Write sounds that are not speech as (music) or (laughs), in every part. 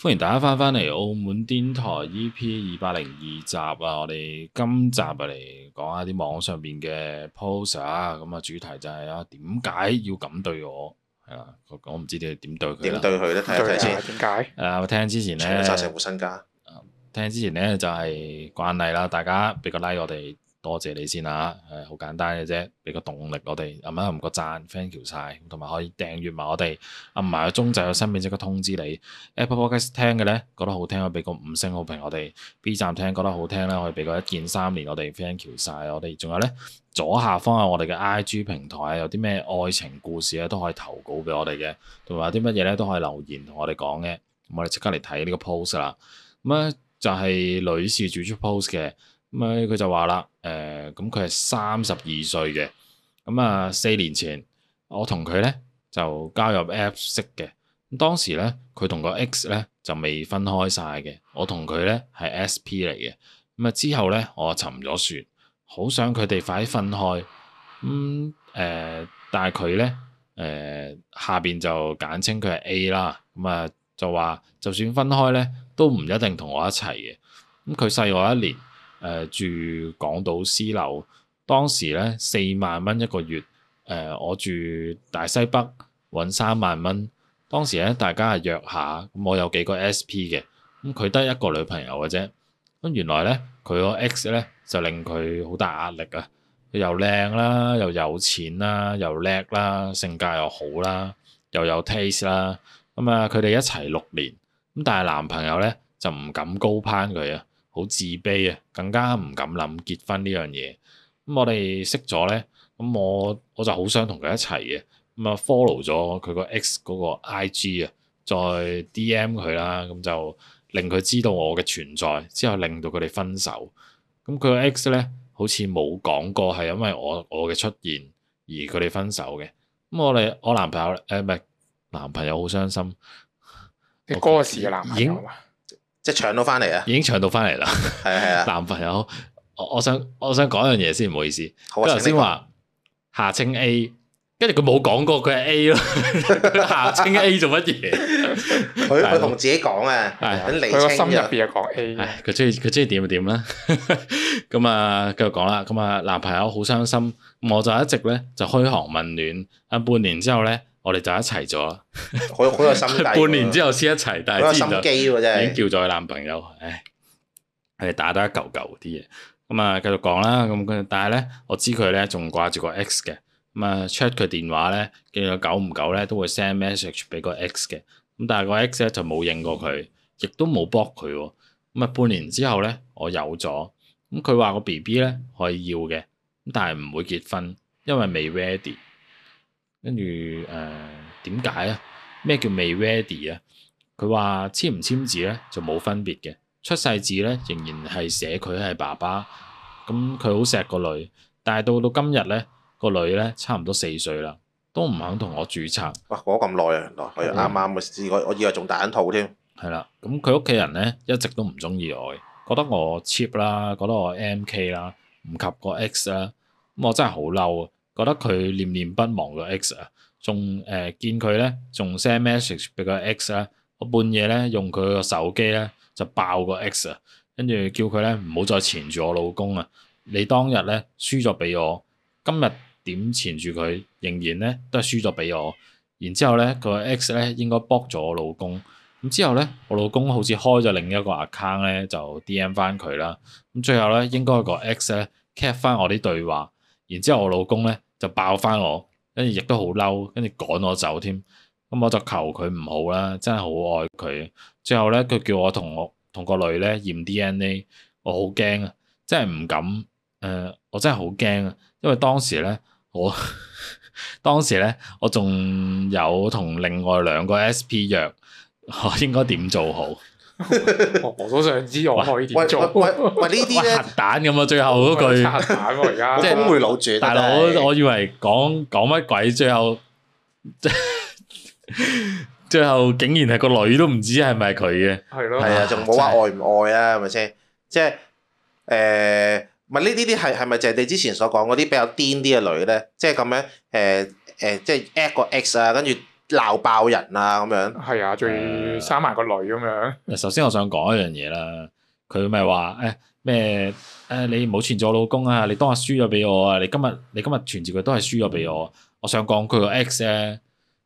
歡迎大家翻返嚟澳門癲台 E.P. 二百零二集啊！我哋今集嚟講下啲網上邊嘅 post 啊，咁啊主題就係啊點解要咁對我係啊，我唔知你哋點對佢。點對佢咧？睇下先，點解？啊，我聽之前咧，搶晒成戶身家。聽之前咧就係慣例啦，大家俾個 like 我哋。多謝你先啦，啊，誒、嗯、好簡單嘅啫，俾個動力我哋，阿媽唔個讚，thank you 晒！同埋可以訂閱埋我哋，啊唔係鐘仔有新片即刻通知你，Apple Podcast 聽嘅咧，覺得好聽可以俾個五星好評我，我哋 B 站聽覺得好聽咧可以俾個一鍵三連我，我哋 thank you 晒！我哋仲有咧，左下方係我哋嘅 IG 平台啊，有啲咩愛情故事咧都可以投稿俾我哋嘅，同埋啲乜嘢咧都可以留言同我哋講嘅，咁我哋即刻嚟睇呢個 post 啦，咁咧就係女士做出 post 嘅。咁佢就話啦，誒、呃，咁佢係三十二歲嘅，咁啊，四年前我同佢咧就加入 F p 識嘅，咁當時咧佢同個 X 咧就未分開晒嘅，我同佢咧係 SP 嚟嘅，咁啊之後咧我沉咗船，好想佢哋快啲分開，咁、嗯、誒、呃，但係佢咧誒下邊就簡稱佢係 A 啦，咁啊就話就算分開咧都唔一定同我一齊嘅，咁佢細我一年。呃、住港島私樓，當時咧四萬蚊一個月、呃。我住大西北揾三萬蚊。當時咧大家係約下、嗯，我有幾個 SP 嘅，咁佢得一個女朋友嘅啫。咁、嗯、原來咧佢個 ex 咧就令佢好大壓力啊！又靚啦，又有錢啦，又叻啦，性格又好啦，又有 taste 啦。咁、嗯、啊，佢、嗯、哋一齊六年，咁、嗯、但係男朋友咧就唔敢高攀佢啊。好自卑啊，更加唔敢諗結婚呢樣嘢。咁、嗯、我哋識咗咧，咁、嗯、我我就好想同佢一齊嘅。咁、嗯、啊 follow 咗佢個 X 嗰個 IG 啊，再 DM 佢啦，咁、嗯、就令佢知道我嘅存在，之後令到佢哋分手。咁佢個 X 咧好似冇講過係因為我我嘅出現而佢哋分手嘅。咁、嗯、我哋我男朋友誒唔係男朋友好傷心，你嗰時嘅男朋友已即係搶到翻嚟啊！已經搶到翻嚟啦。係啊係啊，啊男朋友，我想我想講一樣嘢先，唔好意思。佢頭先話夏青 A，跟住佢冇講過佢係 A 咯。 (laughs) 夏青 A 做乜嘢？佢佢同自己講啊，你個心入邊又講 A。佢中意佢中意點就點啦。咁啊，繼續講啦。咁啊、哎啊 (laughs) 嗯，男朋友好傷心。咁我就一直咧就噓寒問暖。咁半年之後咧。我哋就一齊咗，好好有心機。半年之後先一齊，但係知道已經叫咗佢男朋友，唉，係打到一嚿嚿啲嘢。咁啊，繼續講啦。咁跟但係咧，我知佢咧仲掛住個 X 嘅。咁啊，check 佢電話咧，見到久唔久咧都會 send message 俾個 X 嘅。咁但係個 X 咧就冇應過佢，亦都冇 block 佢。咁啊，半年之後咧，我有咗。咁佢話個 B B 咧可以要嘅，咁但係唔會結婚，因為未 ready。跟住誒，點解啊？咩叫未 ready 啊？佢話簽唔簽字咧就冇分別嘅，出世字咧仍然係寫佢係爸爸，咁佢好錫個女，但係到到今日咧個女咧差唔多四歲啦，都唔肯同我注冊。哇，講咁耐啊，原來啱啱嘅試過，我以為仲大緊肚添。係啦，咁佢屋企人咧一直都唔中意我，覺得我 cheap 啦，覺得我 M K 啦，唔及個 X 啦，咁我真係好嬲。覺得佢念念不忘個 X 啊，仲誒見佢咧，仲 send message 俾個 X 啦。我半夜咧用佢個手機咧就爆個 X 啊，跟住叫佢咧唔好再纏住我老公啊。你當日咧輸咗俾我，今日點纏住佢，仍然咧都係輸咗俾我。然之後咧，個 X 咧應該 block 咗我老公。咁之後咧，我老公好似開咗另一個 account 咧，就 DM 翻佢啦。咁最後咧，應該個 X 咧 cap 翻我啲對話，然之後呢我老公咧。就爆翻我，跟住亦都好嬲，跟住趕我走添。咁、嗯、我就求佢唔好啦，真係好愛佢。最後咧，佢叫我同我同個女咧驗 D N A，我好驚啊，真係唔敢。誒、呃，我真係好驚啊，因為當時咧，我 (laughs) 當時咧，我仲有同另外兩個 S P 約，我應該點做好？我我都想知我可以點做呢啲。喂喂喂，呢啲咧核彈咁啊！最後嗰句，核彈我而家即係會扭住。大佬，我我以為講講乜鬼，最後最後竟然係個女都唔知係咪佢嘅。係咯，係啊，仲冇話愛唔愛啊，係咪先？即係誒，唔係呢？呢啲係係咪就係你之前所講嗰啲比較癲啲嘅女咧？即係咁樣誒誒，即係 X 個 X 啊，跟住。鬧爆人啊！咁樣係啊，仲生埋個女咁樣。首先我想講一樣嘢啦，佢咪話誒咩誒，你唔好纏住我老公啊！你當我輸咗俾我啊！你今日你今日纏住佢都係輸咗俾我。我想講佢個 X 咧，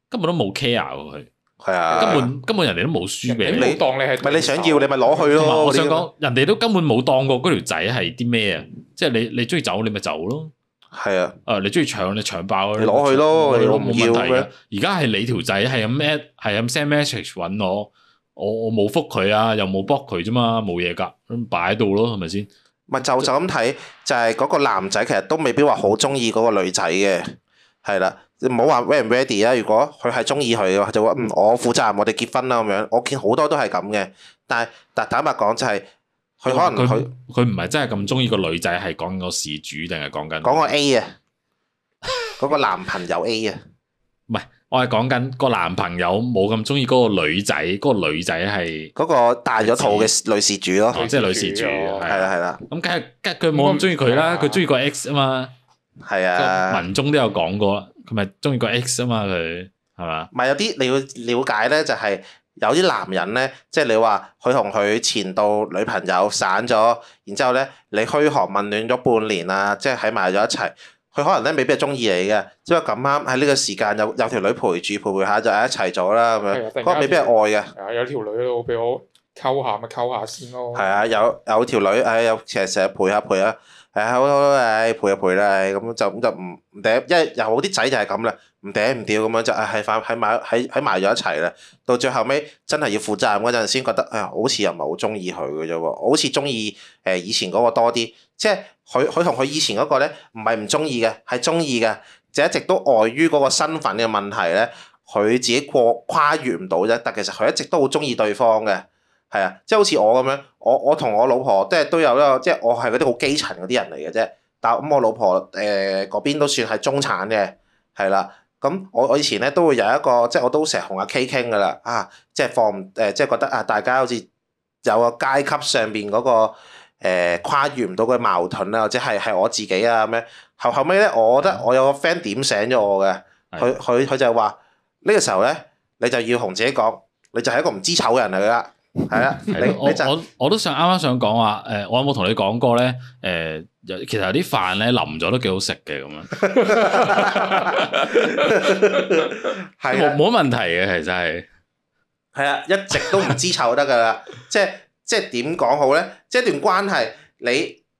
根本都冇 care 佢。係啊的，根本根本人哋都冇輸俾你，冇當你係咪你想要你咪攞去咯、就是。我想講，人哋都根本冇當過嗰條仔係啲咩啊！即係你你中意走你咪走咯。係啊，誒、啊、你中意搶，你搶爆佢，攞佢咯，我唔要、啊，而家係你條仔係咁 at，係咁 send message 揾我，我我冇復佢啊，又冇 block 佢啫嘛，冇嘢噶，擺喺度咯，係咪先？咪就就咁睇，就係、是、嗰個男仔其實都未必話好中意嗰個女仔嘅，係啦，你唔好話 ready 唔 ready 啊，如果佢係中意佢嘅，就話嗯我負責，我哋結婚啦咁樣。我見好多都係咁嘅，但係，但係坦白講就係、是。佢可能佢佢唔係真係咁中意個女仔。係講個事主定係講緊講個 A 啊？嗰 (laughs) 個男朋友 A 啊？唔係，我係講緊個男朋友冇咁中意嗰個女仔，嗰、嗰個女仔係嗰個大咗肚嘅女事主咯、啊。即係、哦即係、女事主，係啦係啦。咁梗係，梗佢冇咁中意佢啦。佢中意個 X 啊嘛。係啊。文中都有講過，佢咪中意個 X 啊嘛？佢係嘛？唔係，有啲你要了解咧，就係、是。有啲男人咧，即係你話佢同佢前度女朋友散咗，然之後咧你噓寒問暖咗半年啊，即係喺埋咗一齊，佢可能咧未必係中意你嘅，即係咁啱喺呢個時間有有條女陪住陪陪下就喺一齊咗啦，咁樣，未必係、啊、愛嘅。係啊，有條女我俾我溝下咪溝下先咯、哦。係啊，有有條女係、哎、有成日成日陪下陪啊，係好好好，陪下陪啦，咁、哎哎、就咁就唔唔叻，因為有啲仔就係咁啦。唔頂唔掉咁樣就係喺喺埋喺喺埋咗一齊啦。到最後尾真係要負責任嗰陣，先覺得啊，好似又唔係好中意佢嘅啫喎。好似中意誒以前嗰個多啲，即係佢佢同佢以前嗰個咧，唔係唔中意嘅，係中意嘅，就一直都礙於嗰個身份嘅問題咧，佢自己過跨越唔到啫。但其實佢一直都好中意對方嘅，係啊，即係好似我咁樣，我我同我老婆即係都有一個，即係我係嗰啲好基層嗰啲人嚟嘅啫。但咁、嗯、我老婆誒、呃、嗰邊都算係中產嘅，係啦。咁我我以前咧都會有一個，即係我都成日同阿 K 傾噶啦，啊，即係放唔、呃、即係覺得啊，大家好似有個階級上邊嗰、嗰個、呃、跨越唔到嘅矛盾啊，或者係係我自己啊咁樣。後後尾咧，我覺得我有個 friend 點醒咗我嘅，佢佢佢就係話呢個時候咧，你就要同自己講，你就係一個唔知醜嘅人嚟㗎啦。係啦，你我 (laughs) 我，我都想啱啱想講話，誒，我有冇同你講過咧？誒，其實有啲飯咧淋咗都幾好食嘅，咁樣係冇冇問題嘅，其實係係啊，的 (laughs) 一直都唔知臭得噶啦，即係即係點講好咧？即係一段關係，你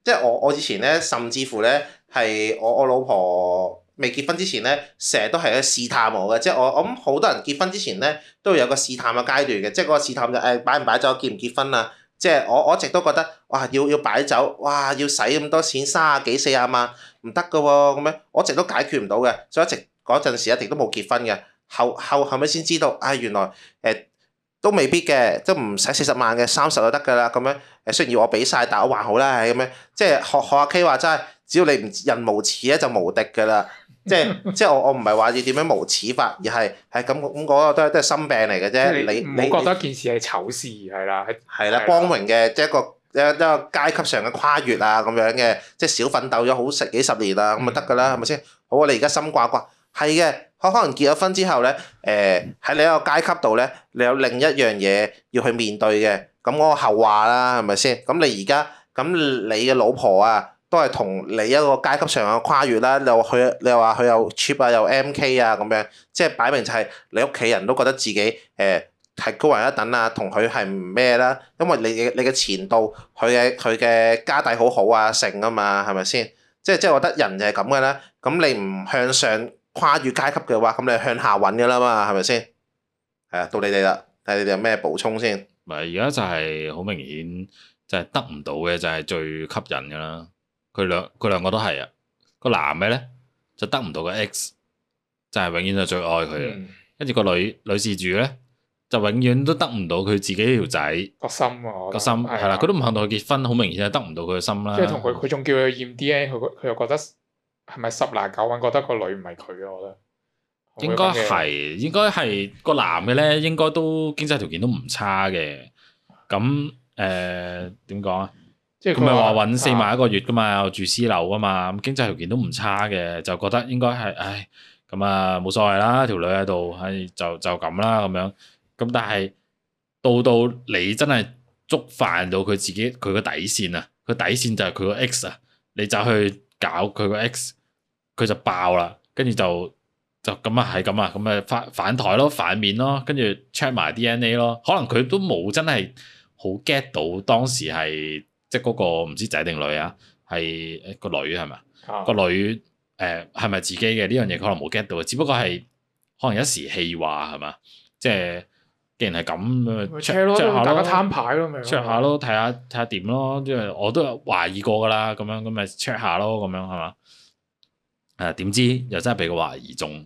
即係我我以前咧，甚至乎咧係我我老婆。未結婚之前咧，成日都係喺試探我嘅，即係我我諗好多人結婚之前咧，都有個試探嘅階段嘅，即係嗰個試探就誒、是哎、擺唔擺酒，結唔結婚啊？即係我我一直都覺得，哇要要擺酒，哇要使咁多錢三啊幾四啊萬，唔得㗎喎咁樣，我一直都解決唔到嘅，所以一直嗰陣時一直都冇結婚嘅。後後後尾先知道，唉、哎、原來誒、欸、都未必嘅，都唔使四十萬嘅，三十就得㗎啦咁樣。誒，雖然要我俾晒，但我還好啦，係咁樣。即係學學阿 K 話齋係，只要你唔人無恥咧，就無敵㗎啦。 (laughs) 即係即係我我唔係話要點樣無恥法，而係係咁咁講都都係心病嚟嘅啫。你唔覺得件事係醜事係啦？係啦，光榮嘅，即係一個誒一、一個階級上嘅跨越啊咁樣嘅，即係少奮鬥咗好食幾十年啊咁咪得㗎啦，係咪先？好啊，你而家心掛掛，係嘅，可可能結咗婚之後咧，誒喺你一個階級度咧，你有另一樣嘢要去面對嘅，咁嗰個後話啦，係咪先？咁你而家咁你嘅老婆啊？都係同你一個階級上嘅跨越啦！你又話佢，你又話佢有 cheap 啊，有 MK 啊咁樣，即係擺明就係你屋企人都覺得自己誒係、呃、高人一等啊，同佢係唔咩啦，因為你你嘅前度，佢嘅佢嘅家底好好啊，盛啊嘛，係咪先？即係即係我覺得人就係咁嘅啦。咁你唔向上跨越階級嘅話，咁你向下揾噶啦嘛，係咪先？係啊，到你哋啦，睇你哋有咩補充先。唔係而家就係好明顯，就係、是、得唔到嘅就係、是、最吸引噶啦。佢兩佢兩個都係啊，個男嘅咧就得唔到個 X，就係永遠係最愛佢啊。跟住、嗯、個女女事主咧就永遠都得唔到佢自己條仔個心啊，個心係啦，佢都唔肯同佢結婚，好明顯係得唔到佢個心啦。即係同佢佢仲叫佢驗 DNA，佢佢又覺得係咪十拿九穩？覺得個女唔係佢啊！我覺得應該係應該係個男嘅咧，應該，應該都經濟條件都唔差嘅。咁誒點講啊？呃即係佢咪話揾四萬一個月噶嘛，住私樓噶嘛，咁經濟條件都唔差嘅，就覺得應該係，唉，咁啊冇所謂啦，條女喺度，係就就咁啦咁樣。咁但係到到你真係觸犯到佢自己佢個底線啊，佢底線就係佢個 X 啊，你就去搞佢個 X，佢就爆啦，跟住就就咁啊，係咁啊，咁啊反反台咯，反面咯，跟住 check 埋 DNA 咯，可能佢都冇真係好 get 到當時係。即係嗰個唔知仔定女啊，係一個女係咪？啊、個女誒係咪自己嘅呢樣嘢？可能冇 get 到，啊？只不過係可能一時氣話係嘛？即係既然係咁，咪 check 下咯，攤牌咯，咪 check 下咯，睇下睇下點咯。即係我都有懷疑過噶啦，咁樣咁咪 check 下咯，咁樣係嘛？誒、啊、點知又真係畀個懷疑中？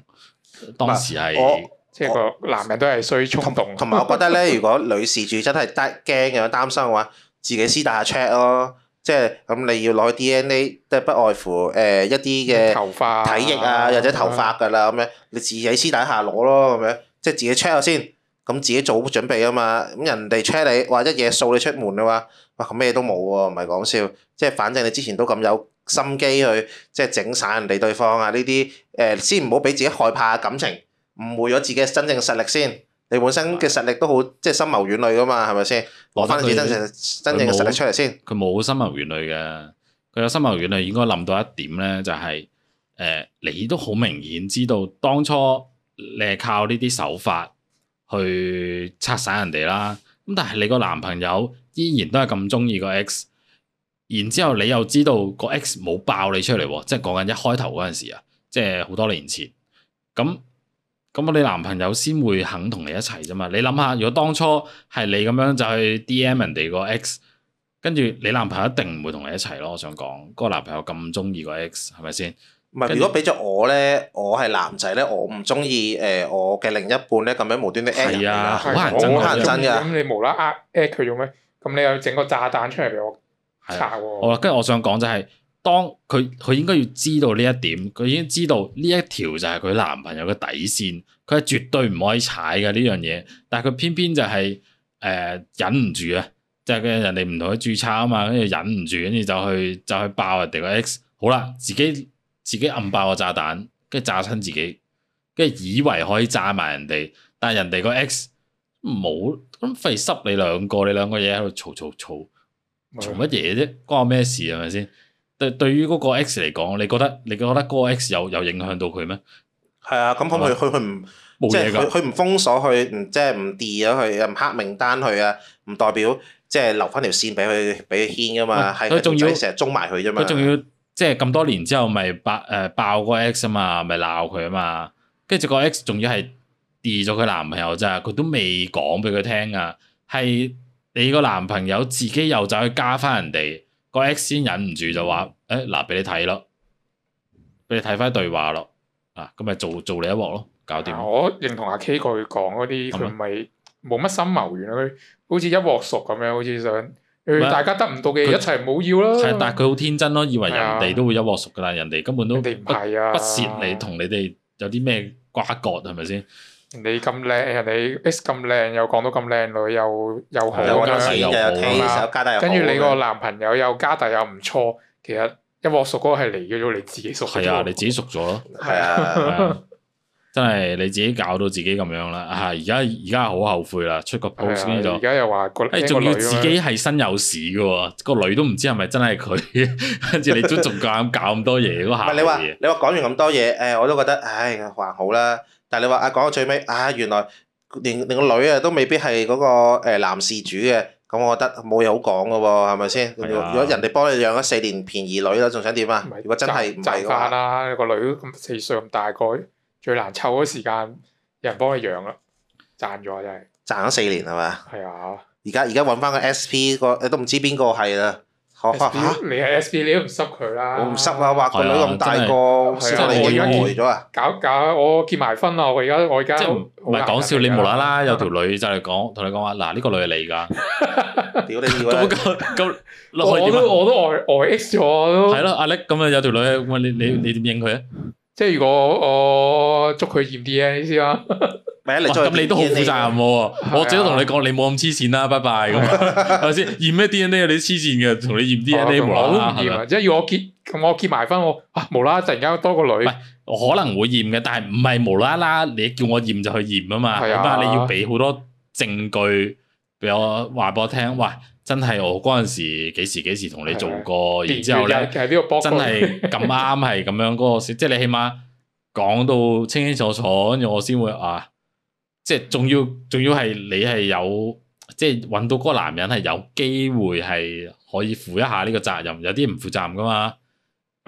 當時係我即係個男人都係衰衝動。同埋我覺得咧，如果女事主真係得驚咁樣擔心嘅話， (laughs) 自己私底下 check 咯，即係咁你要攞 DNA，即係不外乎誒、呃、一啲嘅體液啊，或者頭髮㗎啦咁樣，你自己私底下攞咯咁樣，即係自己 check 下先，咁自己做好準備啊嘛，咁人哋 check 你，話一嘢掃你出門嘅嘛，哇咁咩都冇喎，唔係講笑，即係反正你之前都咁有心機去，即係整散人哋對方啊呢啲，誒、呃、先唔好俾自己害怕感情，誤會咗自己嘅真正實力先。你本身嘅實力都好，的即係深謀遠慮噶嘛，係咪先？攞翻自己真正真正嘅實力出嚟先。佢冇深謀遠慮嘅，佢有深謀遠慮。應該諗到一點咧、就是，就係誒，你都好明顯知道當初你係靠呢啲手法去拆散人哋啦。咁但係你個男朋友依然都係咁中意個 X，然之後你又知道個 X 冇爆你出嚟，即係講緊一開頭嗰陣時啊，即係好多年前咁。咁我你男朋友先會肯同你一齊啫嘛？你諗下，如果當初係你咁樣就去 DM 人哋個 X，跟住你男朋友一定唔會同你一齊咯。我想講，嗰、那個男朋友咁中意個 X 係咪先？唔係，如果俾咗后我咧，我係男仔咧，我唔中意誒我嘅另一半咧咁樣無端啲。add 入好難真呀真。咁你無啦啦 add 佢做咩、啊？咁你又整個炸彈出嚟俾我拆喎？我跟住我想講就係、是。當佢，佢應該要知道呢一點，佢已經知道呢一條就係佢男朋友嘅底線，佢係絕對唔可以踩嘅呢樣嘢。但係佢偏偏就係、是、誒、呃、忍唔住啊，就係佢人哋唔同佢註冊啊嘛，跟住忍唔住，跟住就去就去爆人哋個 X。好啦，自己自己暗爆個炸彈，跟住炸親自己，跟住以為可以炸埋人哋，但係人哋個 X 冇咁，費事濕你兩個，你兩個嘢喺度嘈嘈嘈嘈乜嘢啫，關我咩事係咪先？是對對於嗰個 X 嚟講，你覺得你覺得嗰個 X 有有影響到佢咩？係啊，咁可唔可以佢佢唔即係佢佢唔封鎖佢，唔即係唔 d 咗佢，唔黑名單佢啊？唔代表即係留翻條線俾佢俾佢牽噶嘛？佢仲要成日中埋佢啫嘛？佢仲要即係咁多年之後，咪爆誒爆個 X 啊嘛？咪鬧佢啊嘛？跟住個 X 仲要係 d 咗佢男朋友咋？佢都未講俾佢聽啊！係你個男朋友自己又走去加翻人哋。個 X 先忍唔住就話，誒、哎、嗱，俾你睇咯，俾你睇翻對話咯，嗱、啊，咁咪做做你一鑊咯，搞掂、啊。我認同阿 K 佢講嗰啲，佢唔係冇乜心謀，原來佢好似一鑊熟咁樣，好似想、呃、嗎大家得唔到嘅他一齊冇要啦。但係佢好天真咯，以為人哋都會一鑊熟噶啦，但人哋根本都，人哋唔係啊，不屑你同你哋有啲咩瓜葛係咪先？是你咁靚，人哋 X 咁靚，又講到咁靚女，又又好，又又好啊！跟住你個男朋友又加大又唔錯，其實一鑊熟嗰個係嚟咗，你自己熟咗。係啊，你自己熟咗。係啊，真係你自己搞到自己咁樣啦。係而家而家好後悔啦，出個 post 咗。而家又話個，誒仲要自己係身有事嘅喎，個女都唔知係咪真係佢，跟住你都仲夠膽搞咁多嘢都下嘅嘢。你話你話講完咁多嘢，誒我都覺得，唉，還好啦。但係你話啊，講到最尾，啊原來連連個女啊都未必係嗰、嗰個、呃、男事主嘅，咁我覺得冇嘢好講噶喎，係咪先？是啊、如果人哋幫你養咗四年便宜女啦，仲想點啊？如果真係唔係嘅話，賺翻啦！說個女咁四歲咁大個，最難湊嗰時間，有人幫你養啦，賺咗啊！真係賺咗四年係咪是啊？係啊、那個！而家而家揾翻個 SP 嗰，你都唔知邊個係啦～吓！你係 SB，你都唔濕佢啦。我唔濕啊，話個女咁大個，真係我要攰咗啊！搞搞，我結埋婚啦！我而家我而家即係唔係講笑，你無啦啦有條女就係講，同你講話嗱，呢個女係你㗎。屌你！咁咁，我都我都愛愛 X 咗都。係咯，阿叻，咁啊有條女問你你你點應佢啊？即係如果我捉佢驗啲啊，你知嘛？咁你都好負責任喎！我最多同你講，你冇咁黐線啦，拜拜咁咪先驗咩 DNA，你黐線嘅，同你驗 DNA 冇啦。唔驗，即係要我結，我結埋婚，我哇無啦啦突然間多個女。唔可能會驗嘅，但係唔係無啦啦，你叫我驗就去驗啊嘛。係啊，你要俾好多證據俾我話俾我聽。喂，真係我嗰陣時幾時幾時同你做過，然之後咧真係咁啱係咁樣嗰個，即係你起碼講到清清楚楚，跟住我先會啊。即係仲要仲要係你係有即係揾到嗰個男人係有機會係可以負一下呢個責任，有啲唔負責任噶嘛，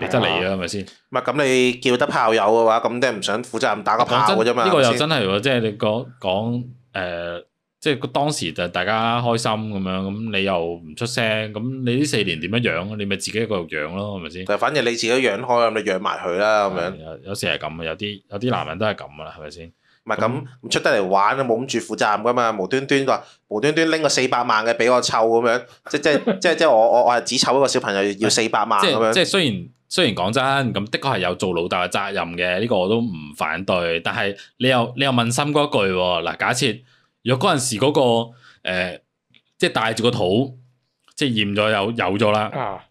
你得嚟嘅係咪先？唔係咁、啊、你叫得炮友嘅話，咁你係唔想負責任打個炮嘅啫嘛。呢、呢個又真係喎，即係你講講誒、呃，即係當時就大家開心咁樣，咁你又唔出聲，咁你呢四年點樣養？你咪自己一個養咯，係咪先？但反正你自己養開，咁你養埋佢啦，咁樣、嗯、有，有時係咁嘅，有啲有啲男人都係咁噶啦，係咪先？咁，咁、嗯、出得嚟玩啊，冇咁住負責任噶嘛，無端端話無端端拎個四百萬嘅俾我湊咁樣，即即 (laughs) 即即我我我係只湊一個小朋友要四百萬咁樣即。即雖然雖然講真，咁的確係有做老豆嘅責任嘅，呢、這個我都唔反對。但係你又你又問心嗰句喎，嗱、啊，假設若嗰陣時嗰、那個誒、呃，即帶住個肚，即驗咗有有咗啦，啊、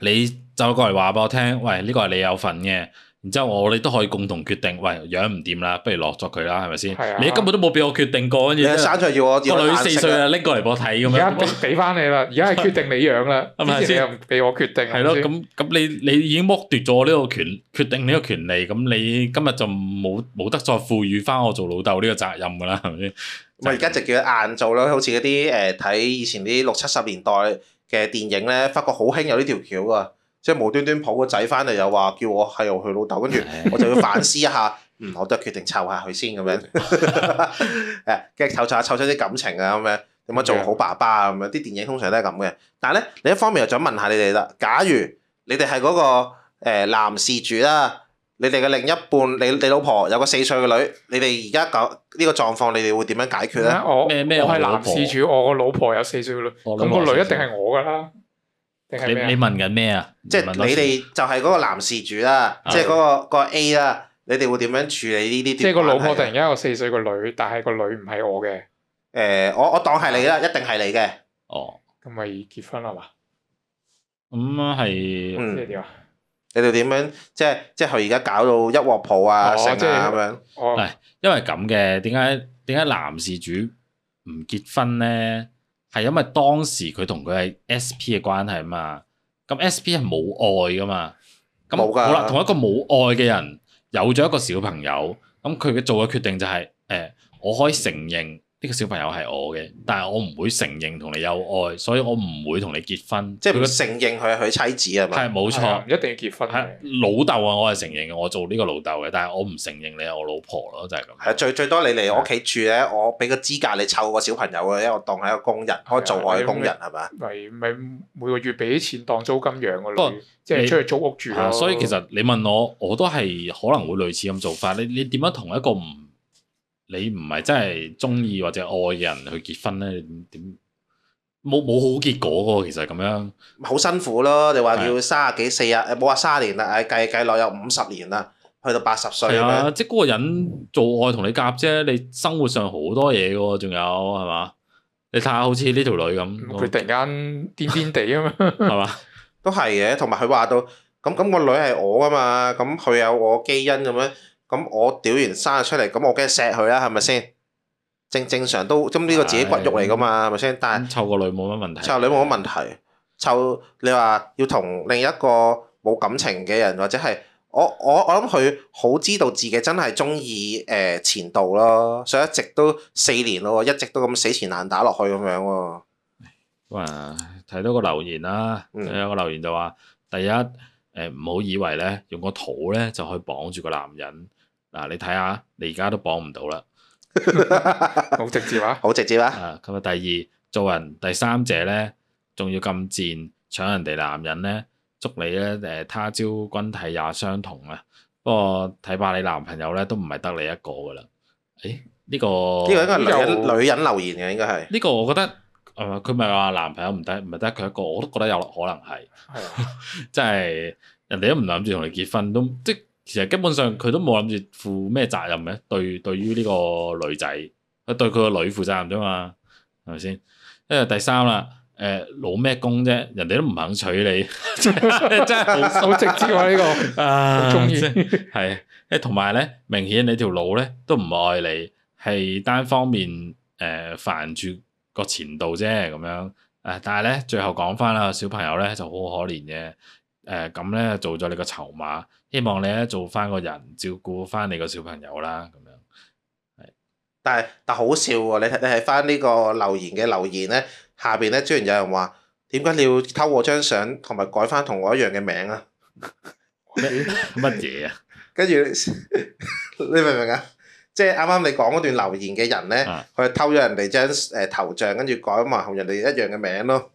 你就過嚟話俾我聽，喂，呢、這個係你有份嘅。然之後我哋都可以共同決定，喂，養唔掂啦，不如落咗佢啦，係咪先？你根本都冇俾我決定過，跟住生在要我個女四歲啊，拎過嚟俾我睇咁樣。而家俾翻你啦，而家係決定你養啦，係咪先？俾我決定係咯。咁咁你你已經剝奪咗我呢個權決定呢個權利，咁你今日就冇冇得再賦予翻我做老豆呢個責任噶啦，係咪先？我而家就叫硬做啦，好似嗰啲誒睇以前啲六七十年代嘅電影咧，發覺好興有呢條橋啊。即係無端端抱個仔翻嚟，又話叫我係又佢老豆，跟住我就要反思一下。 (laughs) 嗯，我都係決定湊下佢先咁樣。誒， (laughs) 既湊就係湊出啲感情啊咁樣，點樣做好爸爸啊咁樣。啲電影通常都係咁嘅。但係咧，你一方面又想問，問下你哋啦。假如你哋係嗰個男事主啦，你哋嘅另一半，你你老婆有個四歲嘅女，你哋而家講呢個狀況，你哋會點樣解決咧？我我係男事主，我個老婆有四歲嘅女，咁、哦、個女一定係我㗎啦。你你問緊咩啊？即係你哋就係嗰個男事主啦，啊，即係嗰、嗰個嗰個 A 啦，你哋會點樣處理呢啲？即係個老婆突然間有四歲女個女，但係個女唔係我嘅。誒，我我當係你啦，的一定係你嘅。哦，咁咪結婚啦嘛？咁啊係。嗯、即係點啊？你哋點樣？即係即係佢而家搞到一鑊泡啊成啊咁樣。因為咁嘅，點解點解男事主唔結婚咧？係因為當時佢同佢係 S P 嘅關係啊嘛，咁 S P 係冇愛噶嘛，咁好啦，同一個冇愛嘅人有咗一個小朋友，咁佢嘅做嘅決定就係，誒，我可以承認。呢個小朋友係我嘅，但係我唔會承認同你有愛，所以我唔會同你結婚。即係唔承認佢係佢妻子啊嘛。係冇錯，一定要結婚。老豆啊，我係承認嘅，我做呢個老豆嘅，但係我唔承認你係我老婆咯，就係咁。係最最多你嚟我屋企住咧，我俾個資格你湊個小朋友啊，因為，我當係一個工人，我做我嘅工人係嘛？咪咪每個月俾啲錢當租金養我女，即係出去租屋住。所以其實你問我，我都係可能會類似咁做法。你你點樣同一個唔？你唔係真係中意或者愛嘅人去結婚咧？點點冇冇好結果嘅喎？其實咁樣好辛苦咯。你話要三十幾四啊，冇話三年啦，誒計計落有五十年啦，去到八十歲咁樣。即係嗰個人做愛同你夾啫，你生活上好多嘢嘅喎，仲有係嘛？你睇下好似呢條女咁，佢突然間癲癲地啊嘛係嘛？都係嘅，同埋佢話到咁咁個女係我啊嘛，咁佢有我基因咁樣。咁我屌完生咗出嚟，咁我驚錫佢啦，係咪先？正正常都咁呢、呢個自己骨肉嚟噶嘛，係咪先？但係湊個女冇乜問，問題。湊女冇乜問題，湊你話要同另一個冇感情嘅人，或者係我我我諗佢好知道自己真係中意誒前度咯，所以一直都四年咯，一直都咁死纏爛打落去咁樣喎。哇！睇到個留言啦、啊，有個留言就話：嗯、第一誒唔好以為咧用個肚咧就可以綁住個男人。嗱、啊，你睇下，你而家都綁唔到啦，好 (laughs) (laughs) 直接啊！好直接啊！咁啊，第二做人第三者咧，仲要咁賤，搶人哋男人咧，祝你咧，誒他朝君體也相同啊！不過睇怕你男朋友咧，都唔係得你一個噶啦。誒、哎，呢、呢個呢個應該係女，女人留言嘅，應該係呢個。我覺得誒，佢咪話男朋友唔得，唔係得佢一個，我都覺得有可能係，係即係人哋都唔諗住同你結婚都，都即。其實基本上佢都冇諗住負咩責任嘅，對對於呢個女仔，佢對佢個女負責任啫嘛，係咪先？因為第三啦，誒、呃，攞咩工啫？人哋都唔肯娶你， (laughs) (laughs) 真係好 (laughs) 直接喎呢個，好中意係。誒，同埋咧，明顯你條佬咧都唔愛你，係單方面誒煩住個前度啫咁樣。誒，但係咧，最後講翻啦，小朋友咧就好可憐嘅，誒、呃，咁咧做咗你個籌碼。希望你咧做翻個人，照顧翻你個小朋友啦，咁樣。係，但係但係好笑喎！你睇你睇翻呢個留言嘅留言咧，下邊咧居然有人話：點解你要偷我張相，同埋改翻同我一樣嘅名啊？乜嘢啊？跟住你明唔明啊？即係啱啱你講嗰段留言嘅人咧，佢偷咗人哋張誒頭像，跟住改埋同人哋一樣嘅名咯。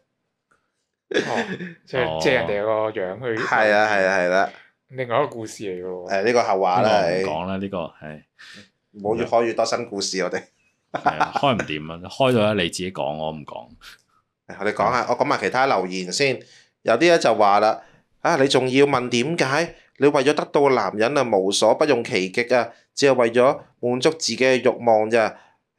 即係人哋個樣去。係啊！係啊！係啦。另外一個故事嚟嘅喎，誒，呢個後話啦，唔講啦，呢個係，唔好越開越多新故事，我哋開唔掂啊，開咗咧你自己講，我唔講。誒，我哋講下，我講埋其他留言先。有啲咧就話啦，啊，你仲要問點解？你為咗得到個男人啊，無所不用其極啊，只係為咗滿足自己嘅慾望咋？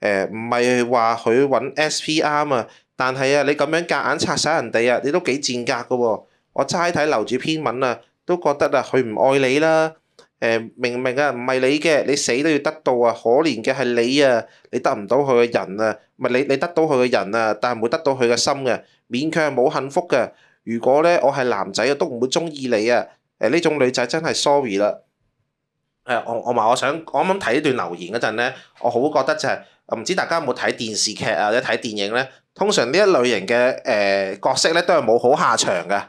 誒，唔係話佢揾 SPR 啊，但係啊，你咁樣夾硬拆晒人哋啊，你都幾賤格嘅喎。我齋睇樓主篇文啊。都覺得啦，佢唔愛你啦。誒，明明啊，唔係你嘅，你死都要得到啊！可憐嘅係你啊，你得唔到佢嘅人啊，唔係你，你得到佢嘅人啊，但係冇得到佢嘅心嘅，勉強冇幸福嘅。如果咧，我係男仔啊，都唔會中意你啊。誒，呢種女仔真係 sorry 啦。誒，我我埋我想我啱啱睇呢段留言嗰陣咧，我好覺得就係，唔知大家有冇睇電視劇啊，或者睇電影咧？通常呢一類型嘅誒角色咧，都係冇好下場嘅。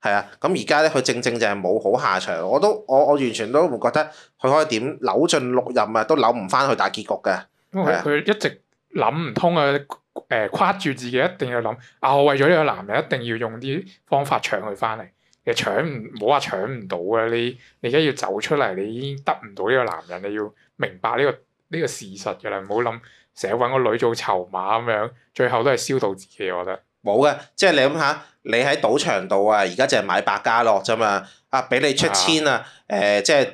係啊，咁而家咧，佢正正就係冇好下場，我都我我完全都唔覺得，佢可以點扭盡六壬啊，都扭唔翻去大結局嘅。係佢、啊、一直諗唔通啊，誒、呃，框住自己一定要諗，啊，我為咗呢個男人一定要用啲方法搶佢翻嚟，你搶唔好話搶唔到啊！你你而家要走出嚟，你已經得唔到呢個男人，你要明白呢個呢個事實噶啦，唔好諗成日搵個女做籌碼咁樣，最後都係燒到自己，我覺得。冇嘅，即係你諗下。嗯你喺賭場度啊，家而家淨係買百家樂咋嘛？啊，俾你出千啊，誒、呃，即係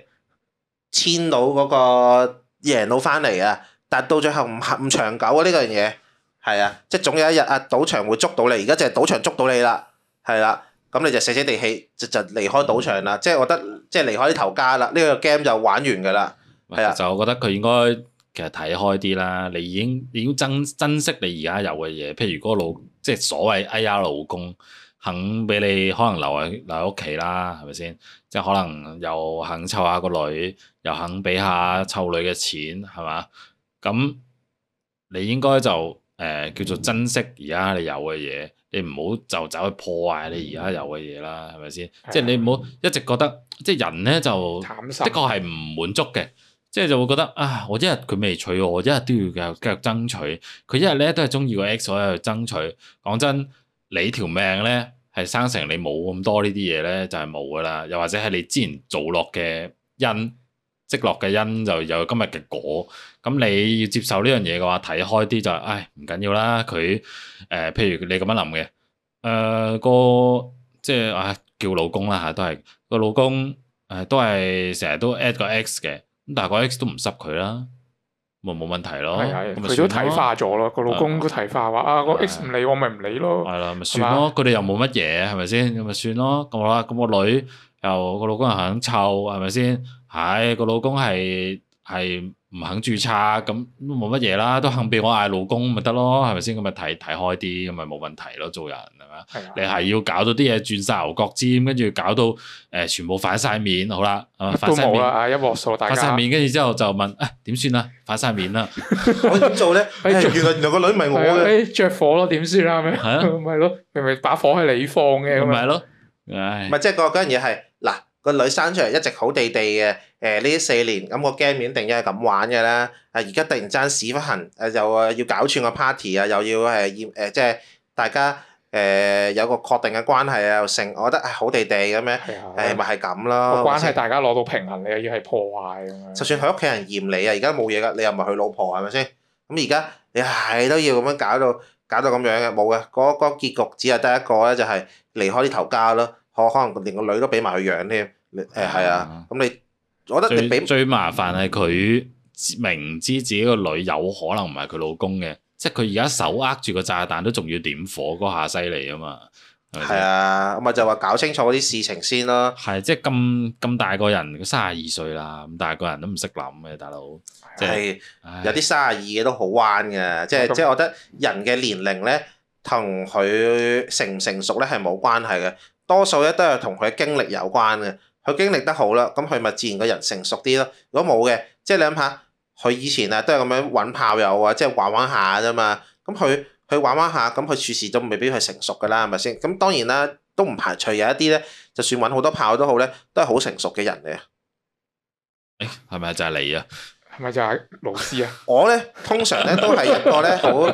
千到嗰個贏到翻嚟啊！但到最後唔合唔長久啊，呢、這個樣嘢係啊，即係總有一日啊，賭場會捉到你，而家就係賭場捉到你啦，係啦、啊，咁你就死死地氣就就離開賭場啦，嗯、即係我覺得即係離開呢頭家啦，呢、這個 game 就玩完㗎啦，係啊，就我覺得佢應該其實睇開啲啦，你已經你要珍珍惜你而家有嘅嘢，譬如嗰個老。即係所謂哎呀老公肯俾你可能留喺留喺屋企啦，係咪先？即係可能又肯湊下個女，又肯俾下湊女嘅錢，係嘛？咁你應該就誒、呃、叫做珍惜而家你有嘅嘢，嗯、你唔好就走去破壞你而家有嘅嘢啦，係咪先？嗯、即係你唔好一直覺得即係人咧就的確係唔滿足嘅。即係就會覺得啊，我一日佢未娶我，我一日都要繼續繼續爭取。佢一日咧都係中意個 X，我喺度爭取。講真，你條命咧係生成你冇咁多呢啲嘢咧，就係冇噶啦。又或者係你之前做落嘅因積落嘅因，因就有今日嘅果。咁你要接受呢樣嘢嘅話，睇開啲就係唉唔緊要啦。佢誒、呃，譬如你咁樣諗嘅誒個即係啊、哎、叫老公啦嚇，都係、嗰個老公誒、呃、都係成日都 at 個 X 嘅。咁但係個 X 都唔濕佢啦，咪冇問題咯。佢都的睇化咗咯，個的老公都睇化話啊，個 X 唔理我咪唔的理咯。係啦，咪算咯。佢哋的又冇乜嘢，係咪先？咁咪算咯。咁啊，咁個女又、個老公又肯湊，係咪先？唉、哎，個老公係。係唔肯注冊咁都冇乜嘢啦，都肯俾我嗌老公咪得咯，係咪先？咁咪睇睇開啲，咁咪冇問題咯，做人係嘛？你係要搞到啲嘢轉晒牛角尖，跟住搞到誒，全部反晒面，好啦，反晒面一無所大。反晒面，跟住之後就問誒，點算啊？反晒面啦，我點做咧？原來原來個女咪我着火咯，點算啊？係咪？吓，咪咯，明明把火係你放嘅，咪係咯，咪即係個嗰樣嘢係嗱個女生出嚟一直好地地嘅。誒呢啲四年咁個 game 面定一係咁玩嘅啦。誒而家突然之間屎忽痕，誒又啊要搞串個 party 啊，又要誒嫌誒即係大家誒有個確定嘅關係啊，又成，我覺得好地地咁樣誒，咪係咁咯。個關係大家攞到平衡，你又要破壞咁樣。就算佢屋企人嫌你啊，而家冇嘢㗎，你又唔係佢老婆係咪先？咁而家你係都要咁樣搞到搞到咁樣嘅，冇嘅。嗰個結局只係得一個咧，就係離開呢頭家咯。可可能連個女都俾埋佢養添。誒係啊，咁你。我覺得最麻煩係佢明知自己個女友可能唔係佢老公嘅，即係佢而家手握住個炸彈都仲要點火嗰下犀利啊嘛！係啊，咪就話搞清楚啲事情先咯。係啊，即係咁咁大個人，三十二歲啦，咁大個人都唔識諗嘅大佬。係，有啲三十二嘅都好彎嘅，即係即係我覺得人嘅年齡咧，同佢成唔成熟咧係冇關係嘅，多數咧都係同佢嘅經歷有關嘅。佢經歷得好啦，咁佢咪自然個人成熟啲咯。如果冇嘅，即係你諗下，佢以前啊都係咁樣揾炮友啊，即係玩玩下啫嘛。咁佢佢玩玩下，咁佢處事都未必係成熟噶啦，係咪先？咁當然啦，都唔排除有一啲咧，就算揾好多炮都好咧，都係好成熟嘅人嚟。誒，係咪就係你啊？係咪就係老師啊？我咧通常咧都係一個咧好誒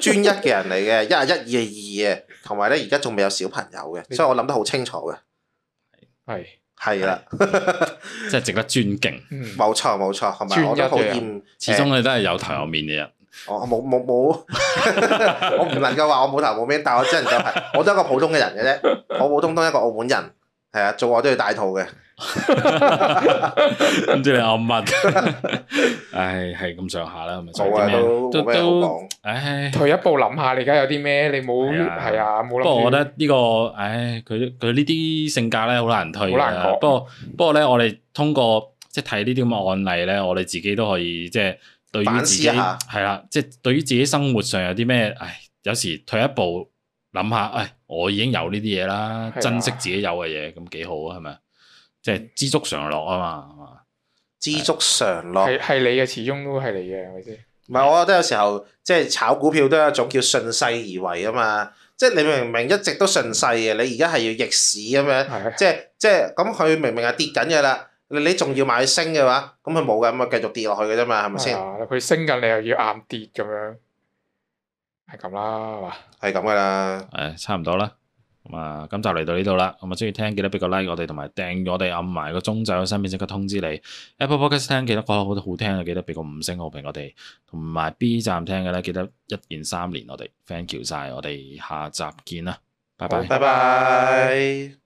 專一嘅人嚟嘅，一係一二二嘅，同埋咧而家仲未有小朋友嘅，所以我諗得好清楚嘅。係。係啦， (laughs) 即係值得尊敬。冇錯冇錯，同埋我都好厭。始終你都係有頭有面嘅人。 (laughs) (laughs) 我冇冇冇，我唔能夠話我冇頭冇面， (laughs) 但係我真係就係，我都係一個普通嘅人嘅啫，普普通通一個澳門人。係啊，做我都要大肚嘅，咁即你暗密。唉，係咁上下啦，咁咪？做啊都都唉。退一步諗下，你而家有啲咩？你冇係啊，冇諗、啊。啊、不過我覺得呢、呢個唉，佢佢呢啲性格咧好難退。好難講。不過不過咧、就是，我哋通過即係睇呢啲咁嘅案例咧，我哋自己都可以即係、就是、對於自己係啦，即係對，、就是、對於自己生活上有啲咩唉，有時退一步。諗下，哎，我已經有呢啲嘢啦，啊、珍惜自己有嘅嘢，咁幾好啊，係咪？即係知足常樂啊嘛，係嘛？知足常樂係係你嘅，始終都係你嘅，係咪先？唔係，我覺得有時候即係炒股票都有一種叫順勢而為啊嘛，即係你明明一直都順勢嘅，你而家係要逆市嘅咩、啊？即係即係咁，佢、嗯、明明係跌緊嘅啦，你你仲要買升嘅話，咁佢冇嘅，咁啊繼續跌落去嘅啫嘛，係咪先？佢、啊、升緊，你又要硬跌咁樣。係咁啦，係咁噶啦，係、哎、差唔多啦。咁啊，咁就嚟到呢度啦。咁啊，鍾意聽記得畀個 like，我哋同埋訂咗，訂閱我哋按埋個鐘掣，喺身邊即刻通知你。Apple Podcast 聽記得覺得好好聽啊，記得畀個五星好評我哋。同埋 B 站聽嘅咧，記得一鍵三連我哋。Thank you 晒，我哋下集見啦，好拜拜，拜拜。